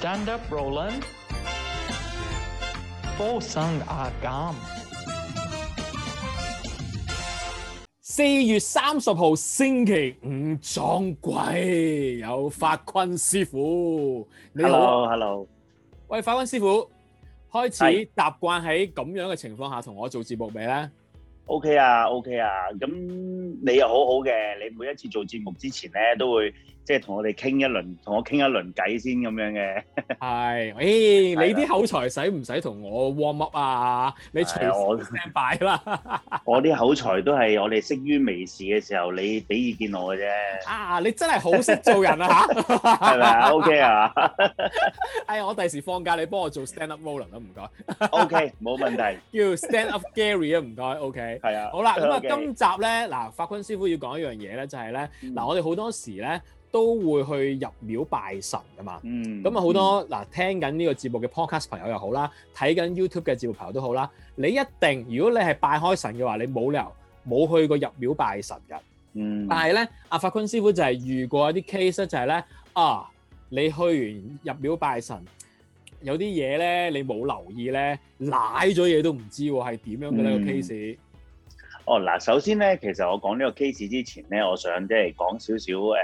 Stand up, Roland。For sang agam。四月三十號星期五撞鬼，有法坤師傅。你好。Hello，hello。喂，法坤師傅，開始習慣喺咁樣嘅情況下同我做節目未咧？OK 啊，OK 啊。咁你又好好嘅，你每一次做節目之前咧都會，即係同我哋傾一輪，同我傾一輪偈先咁樣嘅。係，誒，你啲口才使唔使同我 warm up 啊？你除我 stand by 啦。我啲口才都係我哋識於微視嘅時候，你俾意見我嘅啫。啊，你真係好識做人啊！嚇，係咪啊？OK 啊！哎，我第時放假你幫我做 stand up role 咯，唔該。OK，冇問題。叫 stand up Gary 啊，唔該。OK，係啊。好啦，咁啊，今集咧嗱，法坤師傅要講一樣嘢咧，就係咧嗱，我哋好多時咧。都會去入廟拜神㗎嘛，咁、嗯嗯、啊好多嗱，聽緊呢個節目嘅 podcast 朋友又好啦，睇緊 YouTube 嘅節目朋友都好啦。你一定如果你係拜開神嘅話，你冇理由冇去過入廟拜神㗎。嗯，但係咧，阿法坤師傅就係遇過一啲 case 咧、就是，就係咧啊，你去完入廟拜神，有啲嘢咧你冇留意咧，瀨咗嘢都唔知喎，係點樣嘅呢個 case？哦、嗯、嗱、啊，首先咧，其實我講呢個 case 之前咧，我想即係講少少誒。呃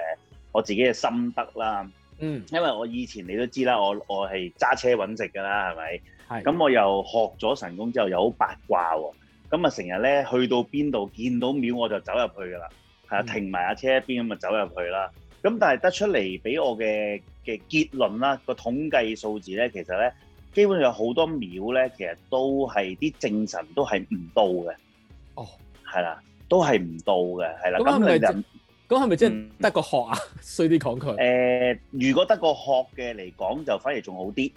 我自己嘅心得啦，嗯，因為我以前你都知啦，我我係揸車揾食噶啦，係咪？係。咁我又學咗神功之後，又好八卦喎、哦。咁啊，成日咧去到邊度見到廟我就走入去噶啦，啊、嗯，停埋架車一邊咁啊走入去啦。咁但係得出嚟俾我嘅嘅結論啦，個統計數字咧，其實咧基本上有好多廟咧，其實都係啲正神都係唔到嘅。哦，係啦，都係唔到嘅，係啦。咁你就咁係咪真得個殼啊？衰啲講佢。誒，如果得個殼嘅嚟講，就反而仲好啲，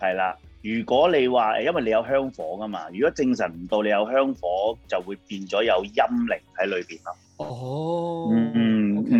係啦。如果你話誒，因為你有香火噶嘛，如果正神唔到，你有香火就會變咗有陰靈喺裏邊咯。哦。嗯。OK。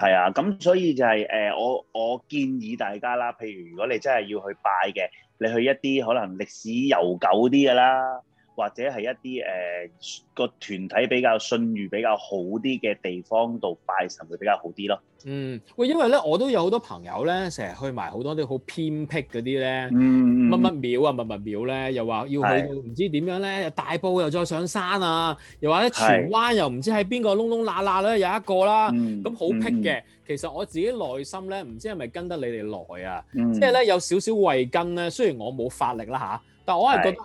係啊，咁所以就係誒，我我建議大家啦，譬如如果你真係要去拜嘅，你去一啲可能歷史悠久啲嘅啦。或者係一啲誒、呃、個團體比較信譽比較好啲嘅地方度拜神會比較好啲咯。嗯，喂，因為咧我都有好多朋友咧，成日去埋好多啲好偏僻嗰啲咧，乜乜廟啊，乜乜廟咧，又話要去唔知點樣咧，大埔，又再上山啊，又話咧荃灣是又唔知喺邊個窿窿罅罅咧有一個啦，咁好僻嘅。其實我自己內心咧，唔知係咪跟得你哋耐啊，即係咧有少少慧根咧。雖然我冇法力啦嚇，但我係覺得。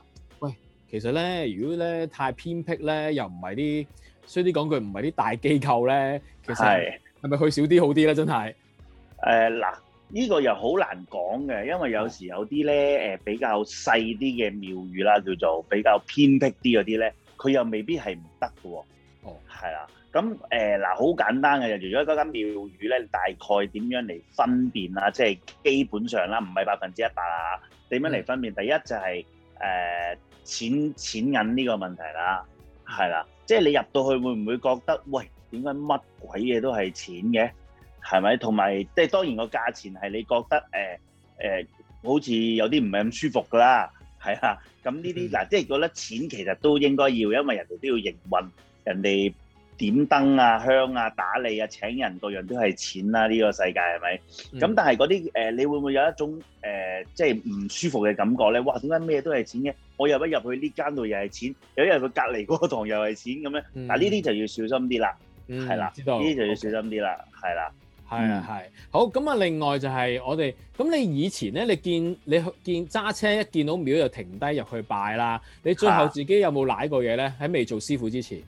其實咧，如果咧太偏僻咧，又唔係啲，衰啲講句唔係啲大機構咧，其實係咪去少啲好啲咧？真、呃、係，誒嗱，呢個又好難講嘅，因為有時有啲咧誒比較細啲嘅廟宇啦，叫做比較偏僻啲嗰啲咧，佢又未必係唔得嘅。哦，係啦，咁誒嗱，好、呃呃、簡單嘅，如果嗰間廟宇咧，大概點樣嚟分辨啊？即係基本上啦，唔係百分之一百，點樣嚟分辨、嗯？第一就係、是、誒。呃錢錢銀呢個問題啦，係啦，即係你入到去會唔會覺得，喂，點解乜鬼嘢都係錢嘅？係咪？同埋即係當然個價錢係你覺得誒誒、呃呃，好似有啲唔係咁舒服噶啦，係、嗯、啊。咁呢啲嗱，即係覺得錢其實都應該要，因為人哋都要營運，人哋點燈啊、香啊、打理啊、請人，各樣都係錢啦。呢、呢個世界係咪？咁、嗯、但係嗰啲誒，你會唔會有一種誒、呃，即係唔舒服嘅感覺咧？哇，點解咩都係錢嘅？我入一入去呢間度又係錢，有一日佢隔離嗰個堂又係錢咁樣。嗱呢啲就要小心啲啦，係、嗯、啦，呢啲就要小心啲啦，係、okay. 啦，係啊係。好咁啊，那另外就係我哋咁你以前咧，你見你去見揸車一見到廟就停低入去拜啦。你最後自己有冇舐過嘢咧？喺未做師傅之前，誒、啊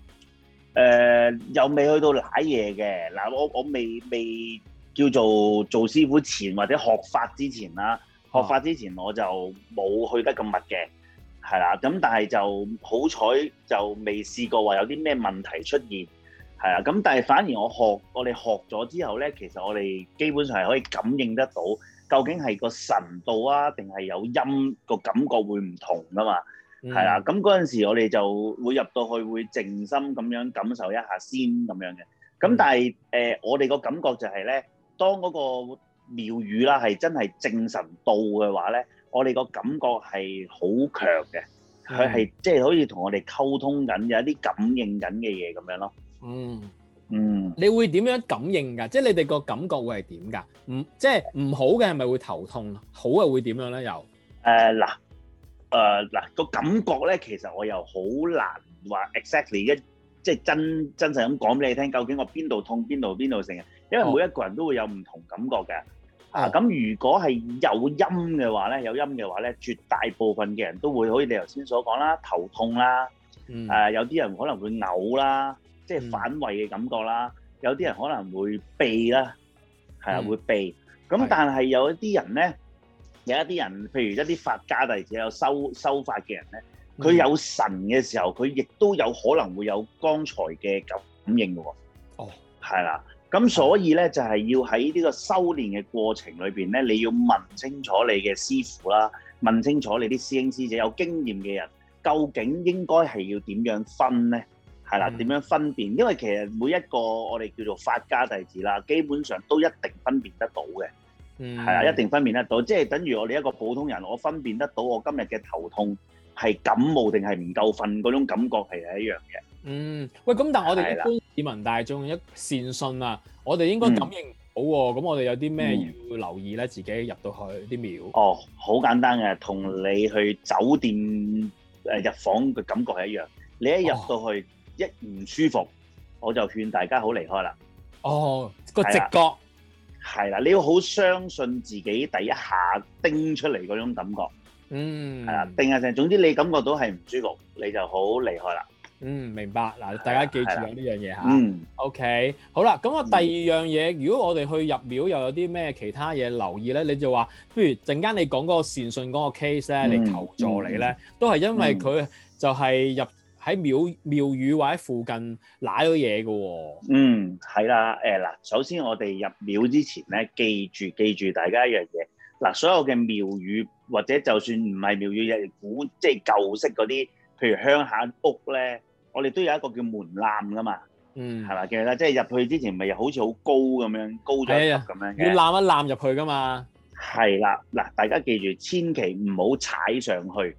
呃、又未去到舐嘢嘅嗱，我我未未叫做做師傅前或者學法之前啦，學法之前我就冇去得咁密嘅。係啦，咁但係就好彩就未試過話有啲咩問題出現，係啦，咁但係反而我學我哋學咗之後咧，其實我哋基本上係可以感應得到，究竟係個神道啊，定係有音個感覺會唔同噶嘛？係、嗯、啦，咁嗰陣時我哋就會入到去會靜心咁樣感受一下先咁樣嘅，咁但係誒、嗯呃、我哋個感覺就係咧，當嗰個廟宇啦係真係正神道嘅話咧，我哋個感覺係好強嘅，佢係即係好似同我哋溝通緊，有一啲感應緊嘅嘢咁樣咯。嗯嗯，你會點樣感應㗎？即係你哋個感覺會係點㗎？唔即係唔好嘅係咪會頭痛？好嘅會點樣咧？又誒嗱誒嗱個感覺咧，其實我又好難話 exactly 一即係真真實咁講俾你聽，究竟我邊度痛邊度邊度成？因為每一個人都會有唔同感覺嘅。啊，咁如果係有陰嘅話咧，有陰嘅話咧，絕大部分嘅人都會好似你頭先所講啦，頭痛啦，誒有啲人可能會嘔啦，即係反胃嘅感覺啦，有啲人可能會避啦，係啊會避。咁但係有一啲人咧，有一啲人，譬如一啲法家弟子有修修法嘅人咧，佢有神嘅時候，佢亦都有可能會有剛才嘅感應嘅喎。哦，係啦。咁所以咧，就係、是、要喺呢個修煉嘅過程裏邊咧，你要問清楚你嘅師父啦，問清楚你啲師兄師姐有經驗嘅人，究竟應該係要點樣分咧？係啦，點、嗯、樣分辨？因為其實每一個我哋叫做法家弟子啦，基本上都一定分辨得到嘅，係、嗯、啦，一定分辨得到。即係等於我哋一個普通人，我分辨得到我今日嘅頭痛係感冒定係唔夠瞓嗰種感覺，其實係係一樣嘅。嗯，喂，咁但係我哋一般市民大眾一善信啊，我哋應該感應到喎，咁、嗯、我哋有啲咩要留意咧、嗯？自己入到去啲廟。哦，好簡單嘅，同你去酒店入房嘅感覺係一樣。你一入到去、哦、一唔舒服，我就勸大家好離開啦。哦，個直覺係啦，你要好相信自己，第一下叮出嚟嗰種感覺，嗯，係啦，叮下聲，總之你感覺到係唔舒服，你就好離開啦。嗯，明白。嗱，大家記住咗呢樣嘢吓。嗯。OK。好啦，咁啊，第二樣嘢，如果我哋去入廟又有啲咩其他嘢留意咧？你就話，不如陣間你講嗰個善信嗰個 case 咧、嗯，你求助你咧、嗯，都係因為佢就係入喺廟廟宇或者附近攋到嘢嘅喎。嗯，係啦。誒、呃、嗱，首先我哋入廟之前咧，記住記住大家一樣嘢。嗱，所有嘅廟宇或者就算唔係廟宇入、就是、古，即、就、係、是、舊式嗰啲，譬如鄉下屋咧。我哋都有一個叫門檻噶嘛，係、嗯、嘛？記住啦，即係入去之前，咪好似好高咁樣，高咗一級咁樣。要攬一攬入去噶嘛？係啦，嗱，大家記住，千祈唔好踩上去，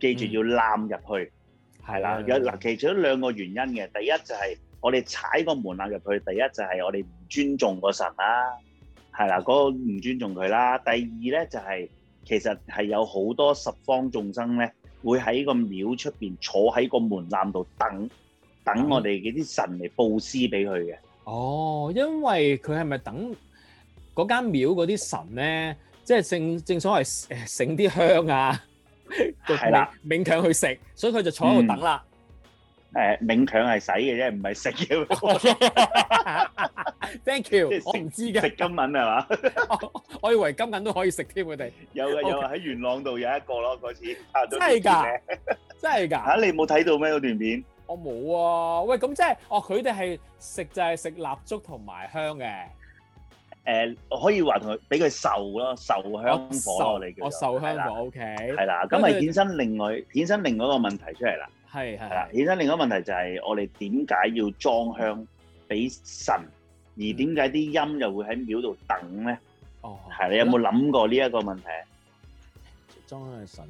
記住要攬入去，係、嗯、啦。有嗱，其實一兩個原因嘅，第一就係我哋踩個門檻入去，第一就係我哋唔尊重個神啦、啊，係啦，嗰、那個唔尊重佢啦。第二咧就係、是、其實係有好多十方眾生咧。會喺個廟出邊坐喺個門檻度等，等我哋嗰啲神嚟布施俾佢嘅。哦，因為佢係咪等嗰間廟嗰啲神咧，即、就、係、是、正正所謂醒啲香啊，係啦，勉強去食，所以佢就坐喺度等啦。嗯誒、呃，勉強係使嘅啫，唔係食嘅。 Thank you，我唔知嘅。食金銀係嘛？ 是吧 我以為金銀都可以食添，佢哋有啊，有啊，喺、okay. 元朗度有一個咯，嗰次真係㗎！真係㗎！嚇、 啊、你冇睇到咩嗰段片？我、哦、冇啊！喂，咁即係，哦，佢哋係食就係食蠟燭同埋香嘅。誒，我可以話同佢俾佢受咯，受香火咯，我哋叫。我受香火，OK。係啦，咁咪衍生另外衍生另外一個問題出嚟啦。係係。衍生另外一個問題就係我哋點解要裝香俾神，而點解啲音又會喺廟度等咧？哦。係，你有冇諗過呢一個問題？裝香係神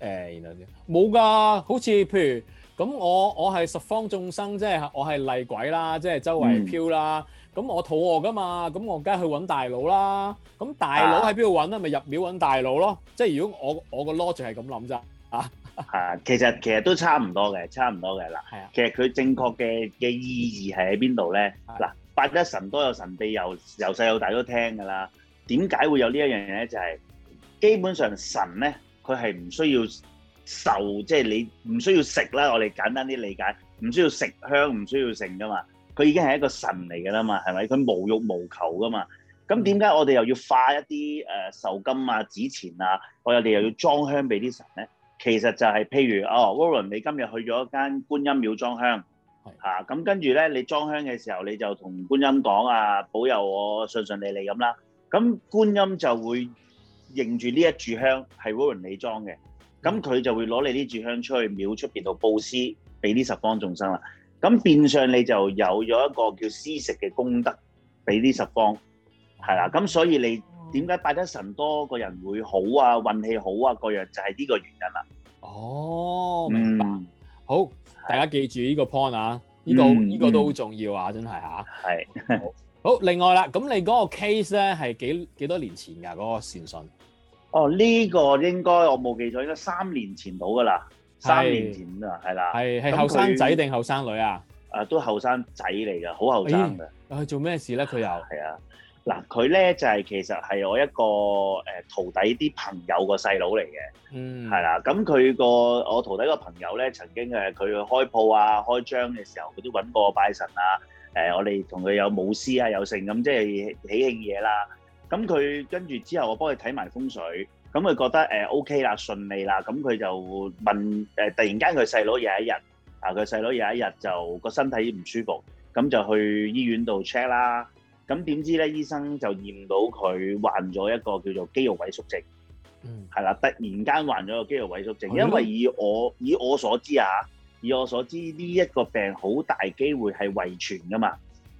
誒，然後啲冇㗎。好似譬如咁，我我係十方眾生，即係我係厲鬼啦，即係周圍飄啦。咁我肚餓噶嘛，咁我梗係去揾大佬啦。咁大佬喺邊度揾咧？咪、啊、入廟揾大佬咯。即係如果我我個 logic 係咁諗啫。其實其實都差唔多嘅，差唔多嘅啦。啊。其實佢、啊、正確嘅嘅意義係喺邊度咧？嗱、啊，八一神都有神庇佑，由細到大都聽噶啦。點解會有一呢一樣嘢咧？就係、是、基本上神咧，佢係唔需要受，即、就、係、是、你唔需要食啦。我哋簡單啲理解，唔需要食香，唔需要成噶嘛。佢已經係一個神嚟嘅啦嘛，係咪？佢無欲無求噶嘛，咁點解我哋又要化一啲誒壽金啊、紙錢啊？我哋又要裝香俾啲神咧？其實就係、是、譬如哦 Warren 你今日去咗間觀音廟裝香，嚇咁、啊、跟住咧，你裝香嘅時候你就同觀音講啊，保佑我順順利利咁啦。咁觀音就會認住呢一炷香係 Warren 你裝嘅，咁、嗯、佢就會攞你呢炷香出去廟出邊度佈施俾啲十方眾生啦。咁變相你就有咗一個叫施食嘅功德，俾啲十方，係啦。咁所以你點解拜得神多個人會好啊，運氣好啊，各樣就係呢個原因啦。哦，明白。好，大家記住呢個 point 啊，呢個呢個都好重要啊，真係。吓，係。好。好，另外啦，咁你嗰個 case 咧係幾幾多年前㗎嗰個善信？哦，呢個應該我冇記錯，應該三年前到㗎啦。三年前，是是年是年啊，係啦，係，係後生仔定後生女啊？誒，都後生仔嚟噶，好後生噶。佢做咩事咧？佢又係啊，嗱，佢咧就係、是、其實係我一個誒、呃、徒弟啲朋友的弟弟、嗯啊，那那個細佬嚟嘅，係啦。咁佢個我徒弟個朋友咧，曾經誒佢去開鋪啊、開張嘅時候，佢都揾過我拜神啊。誒、呃，我哋同佢有舞獅啊，有剩咁，即係喜慶嘢啦。咁佢跟住之後，我幫佢睇埋風水。咁佢覺得、欸、OK 啦，順利啦，咁佢就問、呃、突然間佢細佬有一日，啊佢細佬有一日就個身體唔舒服，咁就去醫院度 check 啦。咁點知咧，醫生就驗到佢患咗一個叫做肌肉萎縮症，嗯，係啦，突然間患咗個肌肉萎縮症，嗯、因為以我以我所知啊，以我所知呢一個病好大機會係遺傳噶嘛，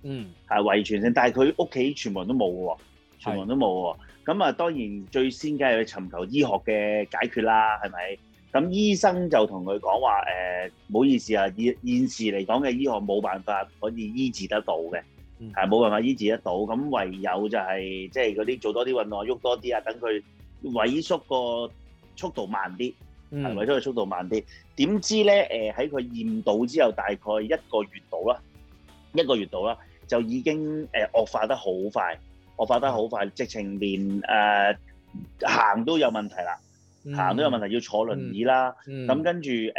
嗯，係遺傳性，但係佢屋企全部人都冇喎，全部都冇喎。咁啊，當然最先梗係去尋求醫學嘅解決啦，係咪？咁醫生就同佢講話誒，唔、欸、好意思啊，現現時嚟講嘅醫學冇辦法可以醫治得到嘅，係、嗯、冇辦法醫治得到。咁唯有就係即係嗰啲做多啲運動喐多啲啊，等佢萎縮個速度慢啲，係、嗯、萎縮嘅速度慢啲。點知咧誒，喺佢驗到之後，大概一個月度啦，一個月度啦，就已經誒惡化得好快。我發得好快，直情連誒行都有問題啦，行、嗯、都有問題要坐輪椅啦。咁、嗯嗯、跟住誒，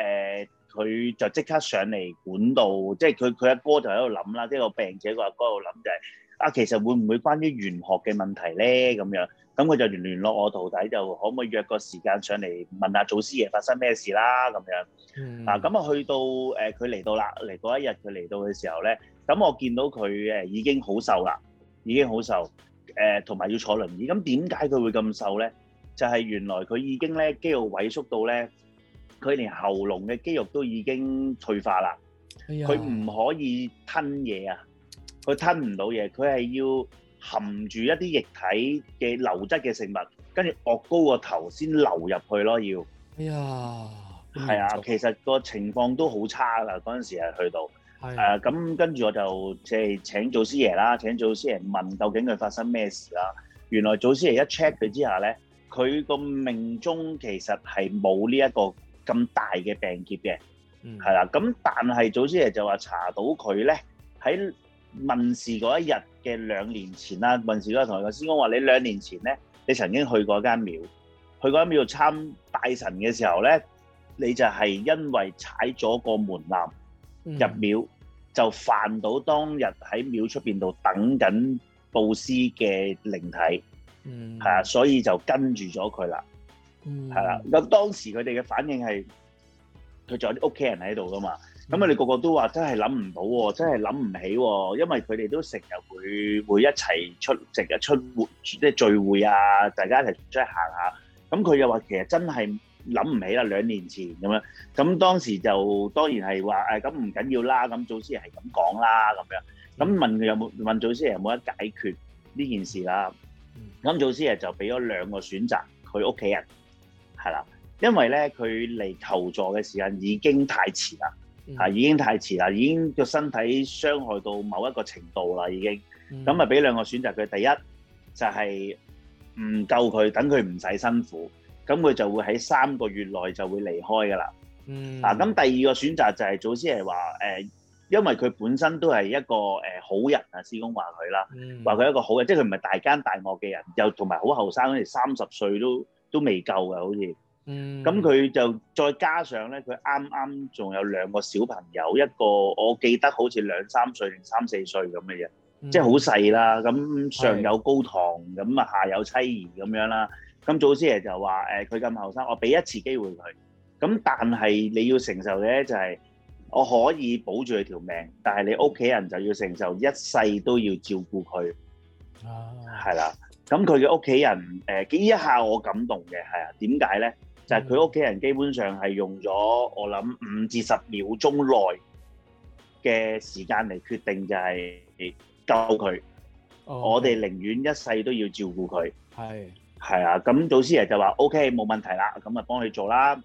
佢、呃、就即刻上嚟管道，即係佢佢阿哥就喺度諗啦，即係個病者個阿哥喺度諗就係、是、啊，其實會唔會關於玄學嘅問題咧？咁樣咁佢就聯聯絡我徒弟，就可唔可以約個時間上嚟問下祖師爺發生咩事啦？咁樣、嗯、啊咁啊去到誒佢嚟到啦，嚟嗰一日佢嚟到嘅時候咧，咁我見到佢誒、呃、已經好瘦啦。已經好瘦，誒同埋要坐輪椅。咁點解佢會咁瘦咧？就係、是、原來佢已經咧肌肉萎縮到咧，佢連喉嚨嘅肌肉都已經退化啦。佢、哎、唔可以吞嘢啊，佢吞唔到嘢。佢係要含住一啲液體嘅流質嘅食物，跟住岳高個頭先流入去咯。要，係、哎、啊，其實個情況都好差啦。嗰陣時係去到。誒咁、啊、跟住我就即係請祖師爺啦，請祖師爺問究竟佢發生咩事啦、啊。原來祖師爺一 check 佢之下咧，佢個命中其實係冇呢一個咁大嘅病劫嘅，係、嗯、啦。咁、啊、但係祖師爺就話查到佢咧喺問事嗰一日嘅兩年前啦，問事嗰日同佢講，師公話你兩年前咧，你曾經去過間廟，去過間廟參拜神嘅時候咧，你就係因為踩咗個門檻。入廟就犯到當日喺廟出邊度等緊布施嘅靈體，係、嗯、啊，所以就跟住咗佢啦，係、嗯、啦。咁當時佢哋嘅反應係，佢仲有啲屋企人喺度噶嘛，咁佢哋個個都話真係諗唔到喎，真係諗唔起喎、哦，因為佢哋都成日會會一齊出成日出活即係聚會啊，大家一齊出去行下，咁佢又話其實真係。諗唔起啦，兩年前咁樣，咁當時就當然係話誒，咁、哎、唔緊要啦，咁祖師爺係咁講啦，咁樣，咁問佢有冇問祖師爺有冇得解決呢件事啦，咁祖師爺就俾咗兩個選擇，佢屋企人係啦，因為咧佢嚟求助嘅時間已經太遲啦，嚇、嗯啊、已經太遲啦，已經個身體傷害到某一個程度啦，已經，咁咪俾兩個選擇佢，第一就係、是、唔救佢，等佢唔使辛苦。咁佢就會喺三個月內就會離開㗎啦。嗯。咁、啊、第二個選擇就係祖師係話因為佢本身都係一個好人啊，師公話佢啦，話、嗯、佢一個好人，即係佢唔係大奸大惡嘅人，又同埋好後生，好似三十歲都都未夠㗎，好似。嗯。咁佢就再加上咧，佢啱啱仲有兩個小朋友，一個我記得好似兩三歲定三四歲咁嘅嘢，即係好細啦。咁上有高堂，咁啊下有妻兒咁樣啦。咁祖師爺就話誒，佢咁後生，我俾一次機會佢。咁但係你要承受嘅就係，我可以保住佢條命，但係你屋企人就要承受一世都要照顧佢。係啦，咁佢嘅屋企人誒，依一下我感動嘅係啊，點解咧？就係佢屋企人基本上係用咗我諗五至十秒鐘內嘅時間嚟決定，就係救佢。我哋寧願一世都要照顧佢。係。係啊，咁祖師爺就話 OK 冇問題啦，咁啊幫你做啦。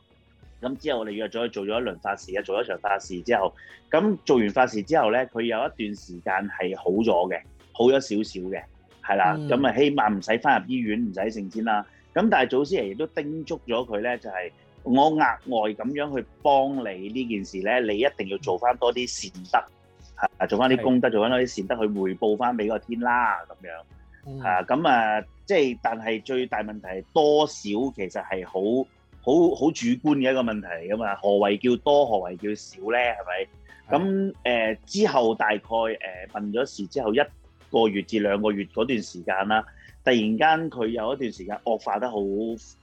咁之後我哋約咗佢做咗一輪法事啊，做咗場法事之後，咁做完法事之後咧，佢有一段時間係好咗嘅，好咗少少嘅，係、啊嗯、啦。咁啊，希望唔使翻入醫院，唔使成先啦。咁但係祖師爺亦都叮囑咗佢咧，就係、是、我額外咁樣去幫你呢件事咧，你一定要做翻多啲善德、啊、做翻啲功德，做翻多啲善德去回報翻俾個天啦咁樣。嗯、啊，咁啊，即係但係最大問題係多少，其實係好好好主觀嘅一個問題，咁啊，何為叫多？何為叫少咧？係咪？咁誒、嗯、之後大概誒問咗事之後一個月至兩個月嗰段時間啦，突然間佢有一段時間惡化得好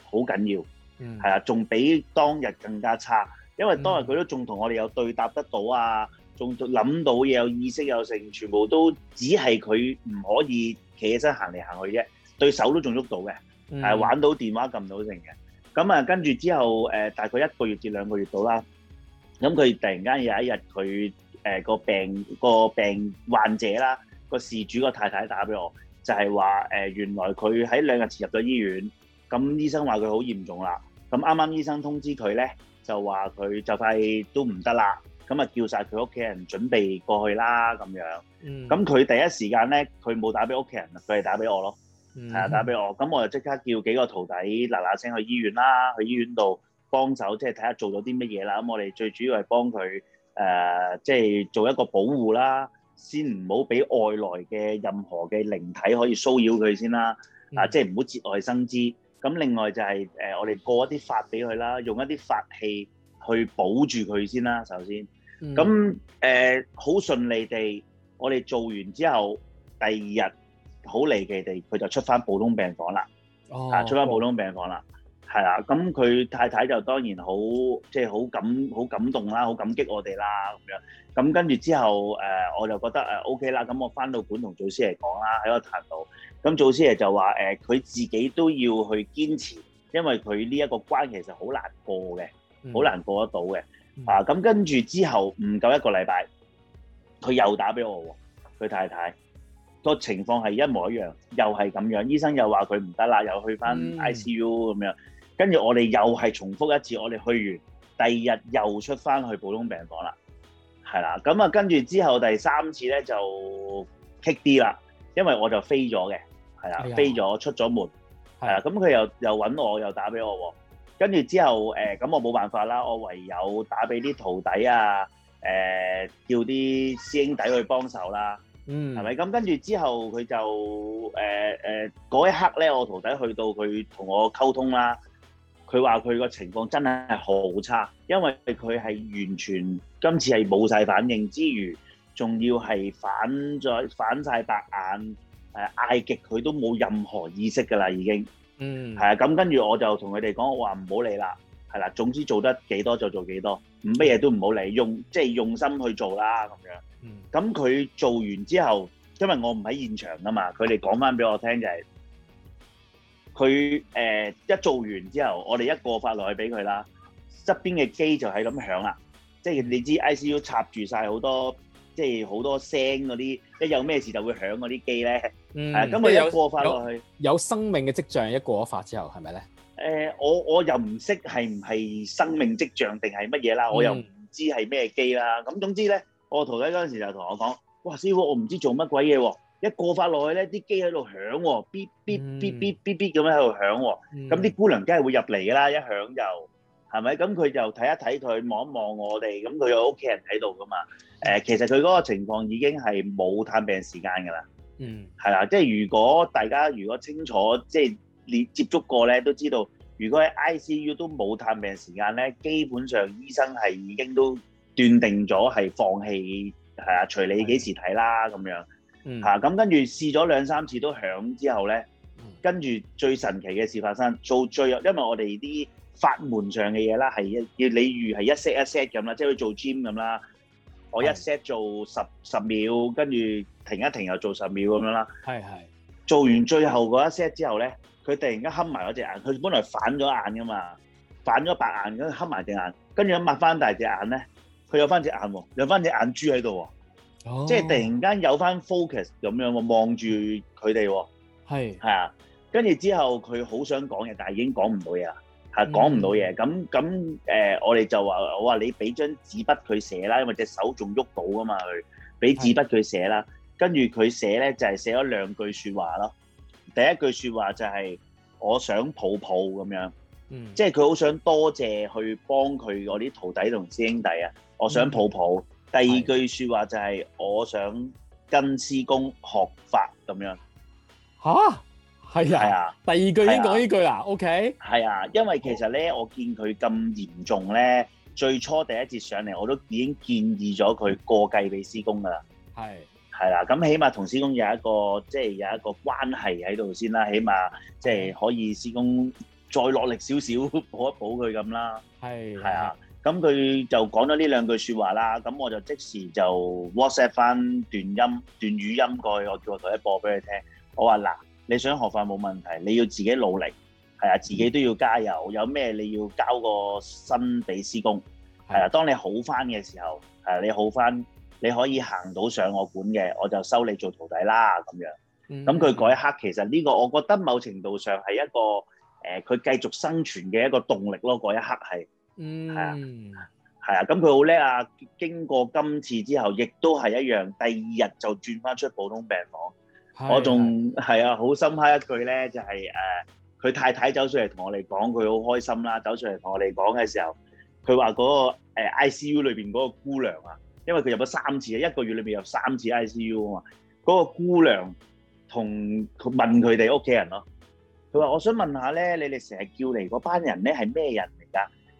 好緊要，係、嗯、啊，仲比當日更加差，因為當日佢都仲同我哋有對答得到啊，仲諗到嘢有意識有成，全部都只係佢唔可以。企起身行嚟行去啫，對手都仲喐到嘅，係玩到電話撳到成嘅。咁、嗯、啊，跟住之後誒，大概一個月至兩個月到啦。咁佢突然間有一日，佢誒個病個病患者啦，個事主個太太打俾我，就係話誒原來佢喺兩日前入咗醫院，咁醫生話佢好嚴重啦。咁啱啱醫生通知佢咧，就話佢就快都唔得啦。咁啊叫晒佢屋企人準備過去啦，咁樣。咁、嗯、佢第一時間咧，佢冇打俾屋企人，佢係打俾我咯。係、嗯、啊，打俾我。咁我就即刻叫幾個徒弟嗱嗱聲去醫院啦，去醫院度幫手，即係睇下做咗啲乜嘢啦。咁我哋最主要係幫佢誒、呃，即係做一個保護啦，先唔好俾外來嘅任何嘅靈體可以騷擾佢先啦、嗯。啊，即係唔好節外生枝。咁另外就係、是、誒、呃，我哋過一啲法俾佢啦，用一啲法器去保住佢先啦，首先。咁誒好順利地，我哋做完之後，第二日好離奇地，佢就出翻普通病房啦，啊、哦、出翻普通病房啦，係、哦、啦。咁佢太太就當然好，即係好感好感動啦，好感激我哋啦咁樣。咁跟住之後，誒、呃、我就覺得誒 O K 啦。咁我翻到館同祖師爺講啦，喺度談到，咁祖師爺就話誒，佢、呃、自己都要去堅持，因為佢呢一個關其實好難過嘅，好、嗯、難過得到嘅。嗯、啊！咁跟住之後唔夠一個禮拜，佢又打俾我喎。佢太太個情況係一模一樣，又係咁樣，醫生又話佢唔得啦，又去翻 ICU 咁、嗯、樣。跟住我哋又係重複一次，我哋去完第二日又出翻去普通病房啦。係啦，咁啊跟住之後第三次咧就棘啲啦，因為我就飛咗嘅，係啦、哎，飛咗出咗門，係啦，咁佢又又揾我又打俾我喎。跟住之後，誒、呃、咁我冇辦法啦，我唯有打俾啲徒弟啊，誒、呃、叫啲師兄弟去幫手啦，係、嗯、咪？咁跟住之後佢，佢就誒誒嗰一刻咧，我徒弟去到佢同我溝通啦，佢話佢個情況真係係好差，因為佢係完全今次係冇晒反應之餘，仲要係反咗反曬白眼，誒嗌極佢都冇任何意識㗎啦，已經。嗯，係啊，咁跟住我就同佢哋講，我話唔好理啦，係啦、啊，總之做得幾多就做幾多，唔乜嘢都唔好理，用即係用心去做啦咁樣。咁、嗯、佢做完之後，因為我唔喺現場啊嘛，佢哋講翻俾我聽就係、是，佢、呃、一做完之後，我哋一個發落去俾佢啦，側邊嘅機就係咁響啦，即、就、係、是、你知 ICU 插住晒好多。即係好多聲嗰啲，一有咩事就會響嗰啲機咧。嗯，咁、啊、佢一過發落去有有，有生命嘅跡象一過咗發之後係咪咧？誒、呃，我我又唔識係唔係生命跡象定係乜嘢啦、嗯？我又唔知係咩機啦。咁總之咧，我徒弟嗰陣時就同我講，哇，師傅，我唔知做乜鬼嘢喎！一過發落去咧，啲機喺度響、啊，咇嗶嗶嗶嗶嗶咁樣喺度響、啊。咁、嗯、啲姑娘梗係會入嚟㗎啦，一響就。係咪咁，佢就睇一睇，佢望一望我哋咁。佢有屋企人喺度噶嘛？誒、呃，其實佢嗰個情況已經係冇探病時間噶啦。嗯，係啦，即係如果大家如果清楚，即係你接觸過咧，都知道，如果喺 I C U 都冇探病時間咧，基本上醫生係已經都斷定咗係放棄，係啊，隨你幾時睇啦咁樣。嗯，咁、啊、跟住試咗兩三次都響之後咧、嗯，跟住最神奇嘅事發生，做最因為我哋啲。法門上嘅嘢啦，係要你如係一 set 一 set 咁啦，即係佢做 gym 咁啦。我一 set 做十十秒，跟住停一停又做十秒咁樣啦。係係。做完最後嗰一 set 之後咧，佢突然間冚埋嗰隻眼，佢本來反咗眼噶嘛，反咗白眼，跟住冚埋隻眼，跟住一擘翻大隻眼咧，佢有翻隻眼喎，有翻隻眼珠喺度喎，哦、即係突然間有翻 focus 咁樣喎，望住佢哋喎。係。係啊，跟住之後佢好想講嘢，但係已經講唔到嘢啦。係講唔到嘢，咁咁誒，我哋就話我話你俾張紙筆佢寫啦，因為隻手仲喐到㗎嘛，佢俾紙筆佢寫啦，跟住佢寫咧就係、是、寫咗兩句説話咯。第一句説話就係我想抱抱咁樣，嗯、即係佢好想多謝去幫佢嗰啲徒弟同師兄弟啊，我想抱抱、嗯。第二句説話就係我想跟師公學法咁樣。嚇！啊係啊，第二句已經講呢句啊，OK？係啊，因為其實咧，我見佢咁嚴重咧，最初第一節上嚟我都已經建議咗佢過繼俾師公噶啦。係係啦，咁起碼同師公有一個即係有一個關係喺度先啦，起碼即係可以師公再落力少少補一補佢咁啦。係係啊，咁佢就講咗呢兩句説話啦，咁我就即時就 WhatsApp 翻段音、段語音過去，我叫我台仔播俾你聽。我話嗱。你想學法冇問題，你要自己努力，係啊，自己都要加油。有咩你要交個心俾師公？係啊。當你好翻嘅時候，係啊，你好翻，你可以行到上我館嘅，我就收你做徒弟啦咁樣。咁佢嗰一刻，其實呢個我覺得某程度上係一個誒，佢、呃、繼續生存嘅一個動力咯。嗰一刻係，係啊，係、mm -hmm. 啊。咁佢好叻啊！經過今次之後，亦都係一樣，第二日就轉翻出普通病房。我仲係啊，好深刻一句咧，就係誒，佢太太走上嚟同我哋講，佢好開心啦。走上嚟同我哋講嘅時候，佢話個誒 I C U 裏邊個姑娘啊，因為佢入咗三次啊，一個月裏面有三次 I C U 啊嘛。個姑娘同問佢哋屋企人咯，佢話，我想問一下咧，你哋成日叫嚟班人咧係咩人？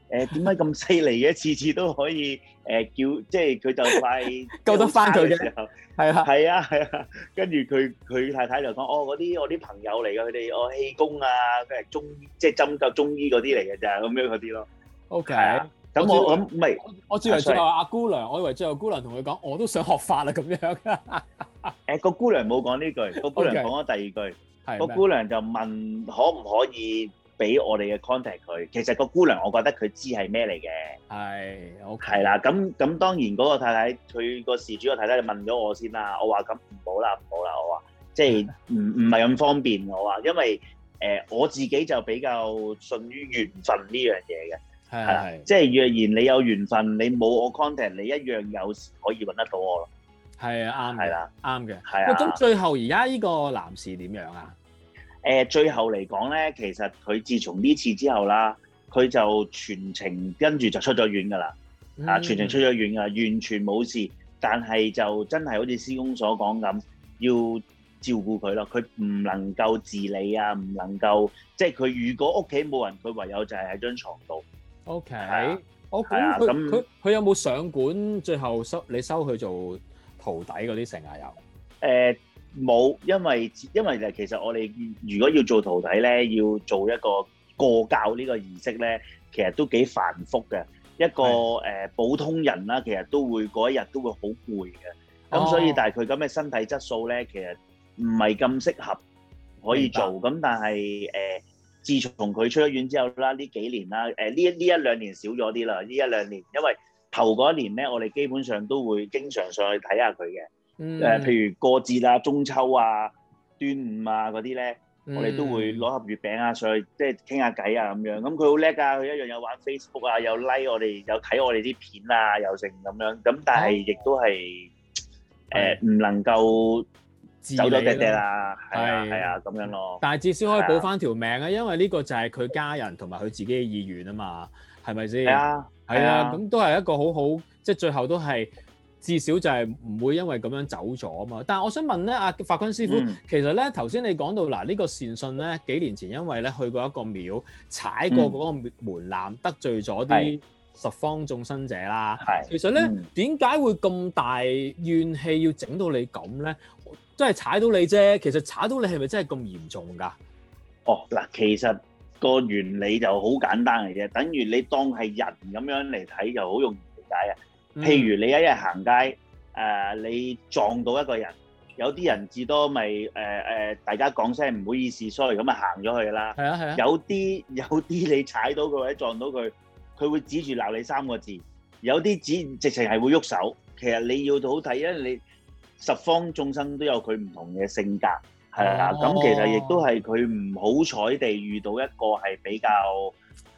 誒點解咁犀利嘅？次次都可以誒叫，即係佢就快救得翻佢嘅時候，係啊，係啊，係啊，跟住佢佢太太就講：哦，嗰啲我啲朋友嚟嘅，佢哋我氣功啊，佢係中醫即係針灸、中醫嗰啲嚟嘅就係咁樣嗰啲咯。OK，咁、啊、我我唔係，我，我，我，我，我以為最後阿姑娘，我以為最後姑娘同佢講，我都想學法啊咁樣。誒 個、呃、姑娘冇講呢句，個姑娘講咗第二句，個、okay, 姑娘就問可唔可以？俾我哋嘅 contact 佢，其實個姑娘我覺得佢知係咩嚟嘅，係，好、okay.，係啦，咁咁當然嗰個太太，佢個事主個太太，你問咗我先啦，我話咁唔好啦，唔好啦，我話，即係唔唔係咁方便，我話，因為誒、呃、我自己就比較信於緣分呢樣嘢嘅，係啊，即係、就是、若然你有緣分，你冇我 contact，你一樣有可以揾得到我，係啊，啱，係啦，啱嘅，係啊，咁最後而家呢個男士點樣啊？誒最後嚟講咧，其實佢自從呢次之後啦，佢就全程跟住就出咗院噶啦，啊、嗯、全程出咗院噶，完全冇事。但係就真係好似師公所講咁，要照顧佢咯。佢唔能夠自理啊，唔能夠即係佢如果屋企冇人，佢唯有就係喺張床度。OK，o 我咁佢佢佢有冇上館？最後收你收佢做徒弟嗰啲成啊有。誒、呃。冇，因為因為其實我哋如果要做徒弟咧，要做一個過教呢個儀式咧，其實都幾繁複嘅。一個誒普通人啦，其實都會嗰一日都會好攰嘅。咁所以，但係佢咁嘅身體質素咧，其實唔係咁適合可以做。咁但係誒，自從佢出咗院之後啦，呢幾年啦，誒呢呢一兩年少咗啲啦。呢一兩年，因為頭嗰一年咧，我哋基本上都會經常上去睇下佢嘅。誒、嗯，譬如過節啊、中秋啊、端午啊嗰啲咧，我哋都會攞盒月餅啊上去聊聊啊，即係傾下偈啊咁樣。咁佢好叻啊，佢一樣有玩 Facebook 啊，有 like 我哋，有睇我哋啲片啊，又成咁樣。咁但係亦都係誒，唔、呃、能夠走多嘅嘅啦，係啊，係啊，咁樣咯。但係至少可以補翻條命啊，因為呢個就係佢家人同埋佢自己嘅意願啊嘛，係咪先？係啊，係啊，咁都係一個好好，即、就、係、是、最後都係。至少就係唔會因為咁樣走咗啊嘛！但係我想問咧，阿法坤師傅，嗯、其實咧頭先你講到嗱呢、呢個善信咧，幾年前因為咧去過一個廟，踩過嗰個門檻、嗯，得罪咗啲十方眾生者啦。其實咧點解會咁大怨氣，要整到你咁咧？真係踩到你啫。其實踩到你係咪真係咁嚴重㗎？哦嗱，其實個原理就好簡單嘅啫，等於你當係人咁樣嚟睇就好容易理解啊！譬如你一日行街，誒、嗯呃、你撞到一個人，有啲人至多咪誒誒，大家講聲唔好意思，Sorry 咁咪行咗去啦。係啊係啊。有啲有啲你踩到佢或者撞到佢，佢會指住鬧你三個字。有啲指直情係會喐手。其實你要好睇，因為你十方眾生都有佢唔同嘅性格，係、哦、啊。咁其實亦都係佢唔好彩地遇到一個係比較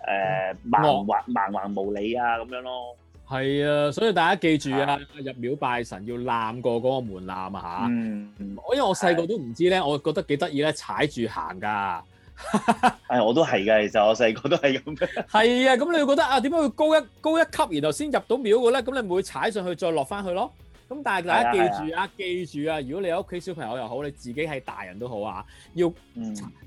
誒蠻橫蠻橫無理啊咁樣咯。係啊，所以大家記住啊，入廟拜神要攬過嗰個門檻啊、嗯、因為我細個都唔知咧，我覺得幾得意咧，踩住行㗎。誒，我都係㗎，其實我細個都係咁。係 啊，咁你會覺得啊，點解要高一高一級，然後先入到廟嘅咧？咁你咪會踩上去再落翻去咯。咁但係大家記住啊，啊，記住啊！如果你屋企小朋友又好，你自己係大人都好啊，要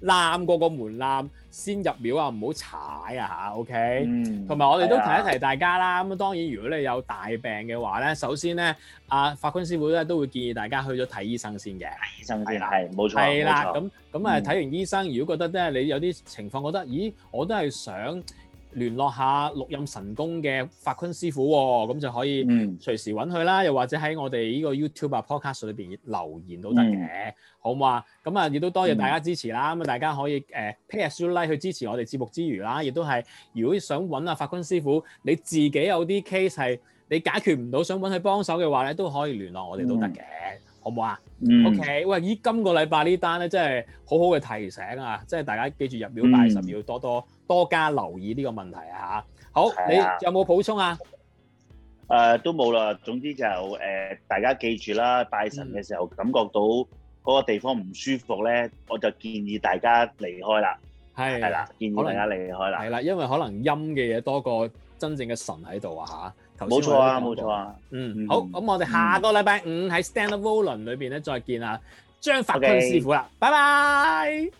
攬過個門檻先入廟啊不要、okay? 嗯、啊，唔好踩啊吓 OK 嗯，同埋我哋都提一提大家啦。咁當然，如果你有大病嘅話咧，首先咧，阿法坤師傅咧都會建議大家去咗睇醫生先嘅。睇醫生先啦，係冇、啊啊、錯。係啦，咁咁啊，睇、嗯、完醫生，如果覺得咧，你有啲情況覺得，咦，我都係想。聯絡下錄音神功嘅法坤師傅喎、哦，咁就可以隨時揾佢啦。又或者喺我哋呢個 YouTube 啊 Podcast 裏邊留言都得嘅、嗯，好唔好啊？咁啊，亦都多謝大家支持啦。咁、嗯、啊，大家可以誒俾個 like 去支持我哋節目之餘啦，亦都係如果想揾啊法坤師傅，你自己有啲 case 係你解決唔到，想揾佢幫手嘅話咧，都可以聯絡我哋都得嘅、嗯，好唔好啊？OK，喂，依今個禮拜呢單咧，真係好好嘅提醒啊！即係大家記住入廟拜神要多多、嗯。多加留意呢個問題啊！好，你有冇補充啊？誒、呃，都冇啦。總之就誒、呃，大家記住啦，拜神嘅時候感覺到嗰個地方唔舒服咧，我就建議大家離開啦。係係啦，建議大家離開啦。係啦，因為可能陰嘅嘢多過真正嘅神喺度啊！吓，冇錯啊，冇錯啊。嗯，嗯，好，咁、嗯、我哋下個禮拜五喺 Stand of Volun 裏邊咧，再見啊。張法坤師傅啦、okay，拜拜。